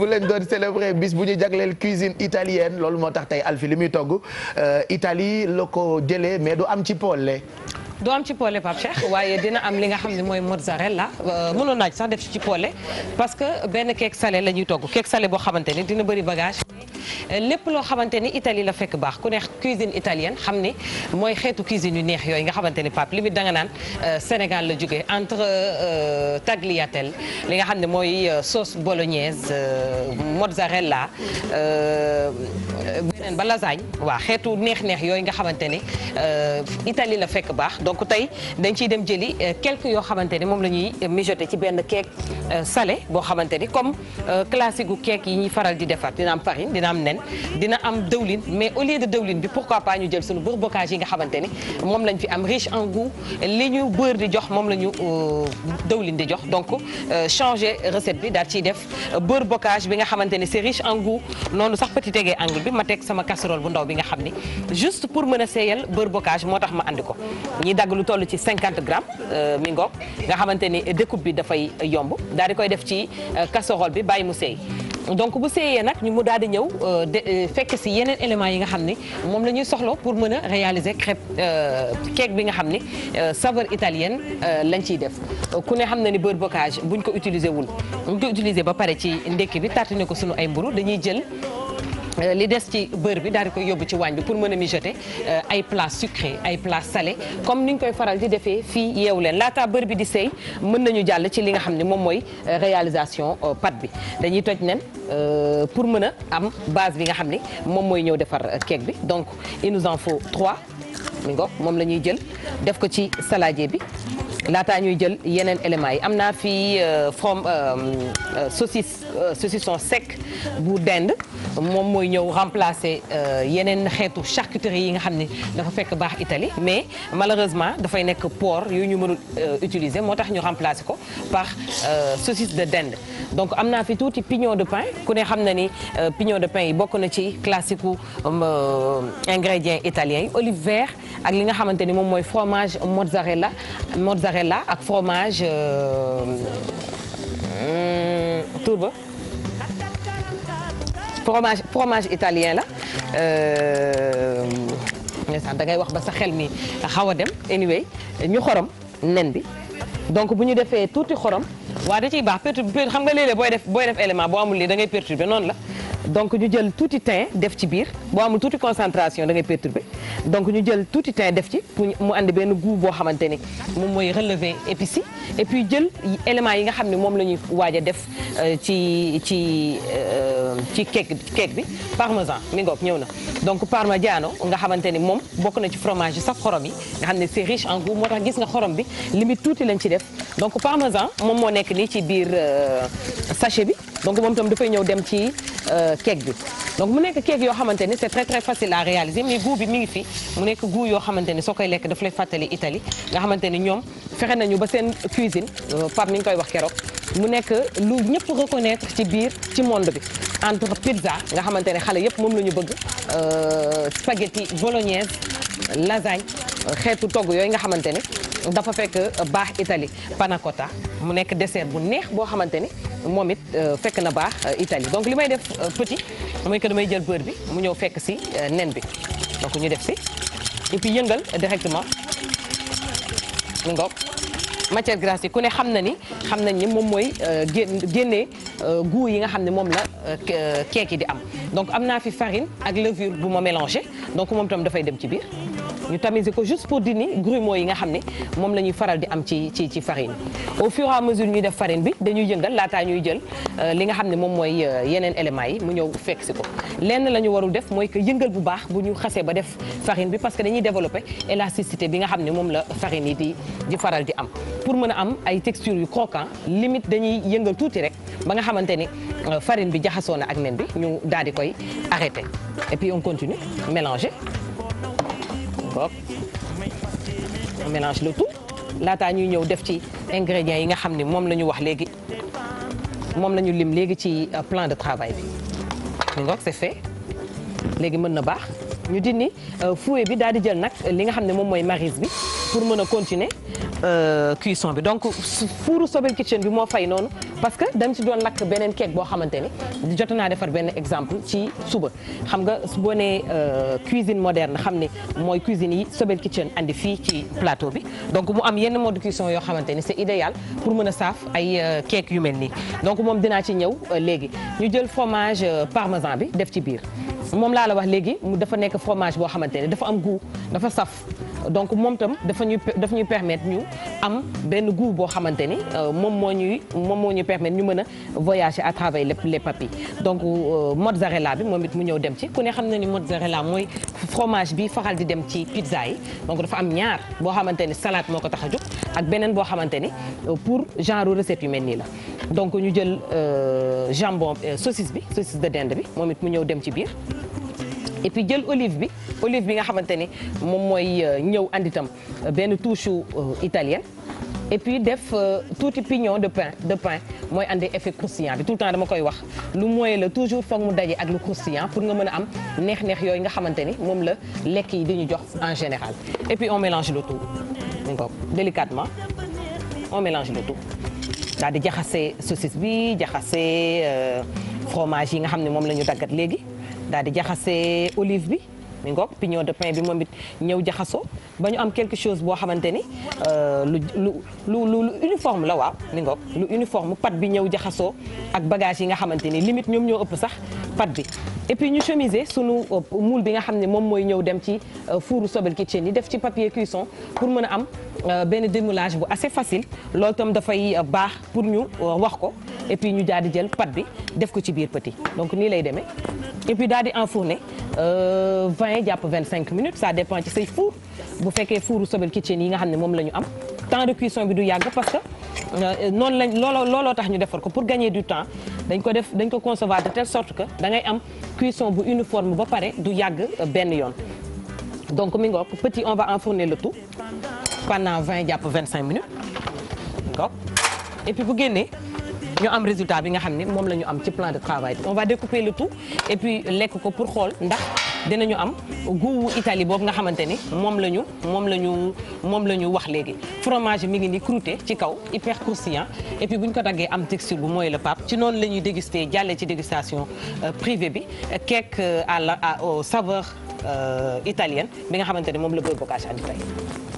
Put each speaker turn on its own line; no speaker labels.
bu lañ doon célébrer bis bu ñu jagleel cuisine italien loolu moo tax tey Alfi li muy togg euh, Italie la ko jëlee mais du am ci poole. du am ci poole Pape Cheikh waaye dina am li nga xam ne mooy mozzarella euh, mënoon naaj sax def ci poole parce que benn keek salé la ñuy togg keek salé boo xamante ni dina bëri bagage. lépp loo xamante ni Italie la fekk baax ku ne cuisine italien xam ni mooy xeetu cuisine yu neex yooyu nga xamante ni Pape limite danga naan euh, Sénégal la jógee entre euh, tagliatelle li nga xam ne mooy euh, sauce bolognaise mozzarella beneen ba lasagne waaw xeetu neex-neex yooyu nga xamante ni Italie la fekk baax donc tey dañ ciy dem jëli quelques yoo xamante ni moom la ñuy mijoter ci benn keek salé boo xamante ni comme classique gu keek yi ñuy faral di defar dina am am nen dina am dëwlin mais au lieu de dëwlin bi pourquoi pas ñu jël suñu beurre bocage yi nga xamante ni moom lañ fi am riche en goût li ñu beurre di jox moom la ñu euh, dëwlin di jox donc euh, changer recette bi daal ciy def beurre bocage bi nga xamante ni c'est riche en goût noonu sax petit tegee angle bi ma teg sama casserole bu ndaw bi nga xam ni juste pour mën a seeyal beurre bocage moo tax ma andi ko ñuy dagg toll ci gram grammes euh, mi ngoog nga xamante ni découpe bi dafay yomb daal di koy def ci casserole bi bàyyi mu seey donc bu seeyee nag ñu mu daal di ñëw euh, euh, fekk si yeneen éléments yi nga xam ni moom la ñuy soxla pour mën a réaliser crêpe euh, cake bi nga xam ne saveur italienne lañ ciy def ku ne xam na ni beurre bocage buñ ko utiliser wul buñ ko utiliser ba pare ci ndekki bi tartiner ko suñu ay mburu dañuy jël Euh, li des ci beurre bi daal di koy yóbbu ci waañ bi pour mën a mijoter euh, ay plats sucrés ay plats salés comme ni ñu koy faral di defee fii yeewu leen laata beurre bi di seey mën nañu jàll ci li nga xam ne moom mooy euh, réalisation pâte bi dañuy toj nen pour mën a am base bi nga xam ni moom mooy ñëw defar cake bi donc il nous en faut trois moom la ñuy jël def ko ci saladier bi laataa ñuy jël yeneen éléments yi am naa fi from saucisse saucisson sec bu dend moom mooy ñëw remplacer euh, yeneen xeetu charcuterie yi nga xam ne dafa fekk baax itali mais malheureusement dafay nekk por yu ñu mënul euh, utiliser moo tax ñu remplacer ko par euh, saucisse de dend donc am naa fi tuuti pignon de pain ku ne xam na ni pignon de pain yi bokk na ci classique u ingrédients italiens yi olive vert ak li nga xamante ni moom mooy fromage mozzarella mozzarella ak fromage hmm, tourba fromage fromage italien la. Euh, sax da ngay wax ba sa xel mi xaw a dem anyway ñu xorom nen bi donc bu ñu defee tuuti xorom waa da ci baax perturbe xam nga léeg booy def booy def élément boo amul lii da ngay noonu la donc ñu jël tuuti thym def ci biir boo amul tuuti concentration dangay ngay perturber donc ñu jël tuuti thym def ci pour mu andi benn goût boo xamante ni moom mooy relever épices yi et puis jël éléments yi nga xam ne moom la ñuy waaj a def euh, ci ci euh, ci cake cake bi parmesan mi ngoog ñëw na donc parmigiano nga xamante ni moom bokk na ci fromage yi saf xorom yi nga xam ne c'est en goût gis nga xorom bi limite tuuti lañ ci def donc parmesan moom moo nekk nii ci biir euh, sachet bi donc moom itam dafay ñëw dem ci euh, cake bi donc mu nekk cake yoo xamante ni c'est très très facile à réaliser mais goût bi mi ngi fi mu nekk goût yoo xamante ni soo koy lekk daf lay fàttali Italie nga xamante ni ñoom fexe nañu ba seen cuisine euh, Pape mi ngi koy wax keroog mu nekk lu ñëpp reconnaître ci biir ci monde bi entre pizza nga xamante ne xale yëpp moom la ñu bëgg euh, spaghetti bolognaise lasagne xeetu togg yooyu nga xamante ne dafa fekk baax Italie panna cotta mu nekk dessert bu neex boo xamante ni moom it euh, fekk na baax euh, Italie donc li may def petit mooy que damay jël beurre bi mu ñëw fekk si nen bi donc ñu def si et puis yëngal directement mu matière grasse yi ku ne xam na ni xam nañ ni moom mooy euh, génne Euh, goût yi nga xam ne moom la euh, euh, keek di am donc am naa fi farine ak levure bu ma mélangé donc moom itam dafay dem ci biir ñu tamiser ko juste pour dini grumeaux yi nga xam ni moom la ñuy faral di am ci ci ci farine au fur et à mesure ñuy def farine bi dañuy yëngal laataa ñuy jël li nga xam ne moom mooy yeneen éléments yi mu ñëw fekk si ko lenn la ñu warul def mooy que yëngal bu baax bu ñu xasee ba def farine bi parce que dañuy développer élasticité bi nga xam ne moom la farine yi di di faral di am pour mën a am ay textures yu croquant limite dañuy yëngal tuuti rek ba nga xamante ni euh, farine bi jaxasoo na ak nen bi ñu daal di koy arrêté et puis on continue mélanger donc on le tout laataa ñuy ñëw def ci ingrédients yi nga xam ni moom la ñu wax léegi moom la ñu lim léegi ci euh, plan de travail bi mi ngoog c'est fait léegi mën na baax ñu dindi euh, fouet bi daal di jël nag li nga xam ne moom mooy marise bi pour mën a continuer cuisson bi donc fuuru Sobel Kitchen bi moo fay noonu parce que dañ ci doon lakk beneen keek boo xamante ni jot naa defar benn exemple ci suba xam nga boo nee euh, cuisine moderne xam ne mooy cuisine yi Sobel Kitchen andi fii ci plateau bi donc mu am yenn mode de cuisson yoo xamante ni c'est idéal pour mën a saaf ay euh, keek yu mel nii donc moom dinaa ci ñëw euh, léegi ñu jël fromage parmesan bi def ci biir moom laa la wax léegi mu dafa nekk fromage boo xamante ne dafa am goût dafa saf donc moom tam dafa ñuy daf ñuy permettre ñu am benn goût boo xamante ni euh, moom moo ñuy moom moo ñuy permettre ñu mën a voyager à travers les les papilles donc euh, mozzarella bi moom it mu ñëw dem ci ku ne xam na ni mozzarella mooy fromage bi faral di dem ci pizza yi donc dafa am ñaar boo xamante ni salaat moo ko tax a jóg ak beneen boo xamante ni euh, pour genre recette yu mel nii la donc ñu jël jambon saucisse bi saucisse de dinde bi moom it mu ñëw dem ci biir et jël olive bi olive bi nga xamante ni moom mooy euh, ñëw anditam euh, benn touche euh, italienne et puis def tuuti pignon de pain de pain mooy andi effet croustillant bi tout le temps dama koy wax lu mooy la toujours foog mu daje ak lu croustillant pour nga mën a am neex-neex yooyu nga xamante ni moom la lekk yi di ñu jox en général et puis on mélange le tout donc délicatement on mélange le tout di jaxase saucisse bi jaxase fromage yi nga xam ne moom la ñu daggat léegi daal di jaxase olive bi mi ngoog de pain bi moom it ñëw jaxasoo ba ñu am quelque chose boo xamante ni euh, lu lu lu uniforme la waaw mi ngoog lu uniforme pat bi ñëw jaxasoo ak bagage yi nga xamante ni limite ñoom ñoo ëpp sax pat bi et puis ñu chemiser sunu euh, moule bi nga xam ne moom mooy ñëw dem ci euh, fouru Sobel Kitchen yi def ci papier cuisson pour mën a am benn démoulage bu assez facile loolu tam dafay baax pour ñu wax ko et puis ñu daal di jël pat bi def ko ci biir petit donc nii lay demee et puis di enfourner euh, vingt jàpp vingt cinq minutes ça dépend ci say four bu fekkee fouru Sobel Kitchen yi nga xam ne moom la ñu am temps de cuisson bi du yàgg parce que euh, noonu lañ looloo looloo tax ñu defar ko pour gagner du temps dañ ko def dañ ko concevoir de telle sorte que da ngay am cuisson bu uniforme ba pare du yàgg euh, benn yoon donc mi ngoog petit on va enfourner le tout pendant vingt jàpp vingt cinq minutes ngoog et puis bu génnee ñu am résultat bi nga xam ne moom lañu am ci plan de travail bi on va découper le tout et puis lekk ko pour xool ndax dinañu am guuwu Italie boobu nga xamante ni moom la ñu moom la ñu moom la ñu wax léegi fromage mi ngi ni croûté ci kaw hyper croustillant et puis bu ñu ko daggee am texture bu mooy le pape ci noonu la ñuy déguster jàllee ci dégustation euh, privée bi cake euh, à la au saveur euh, italienne bi nga xamante ni moom la Boy Bocage andi tey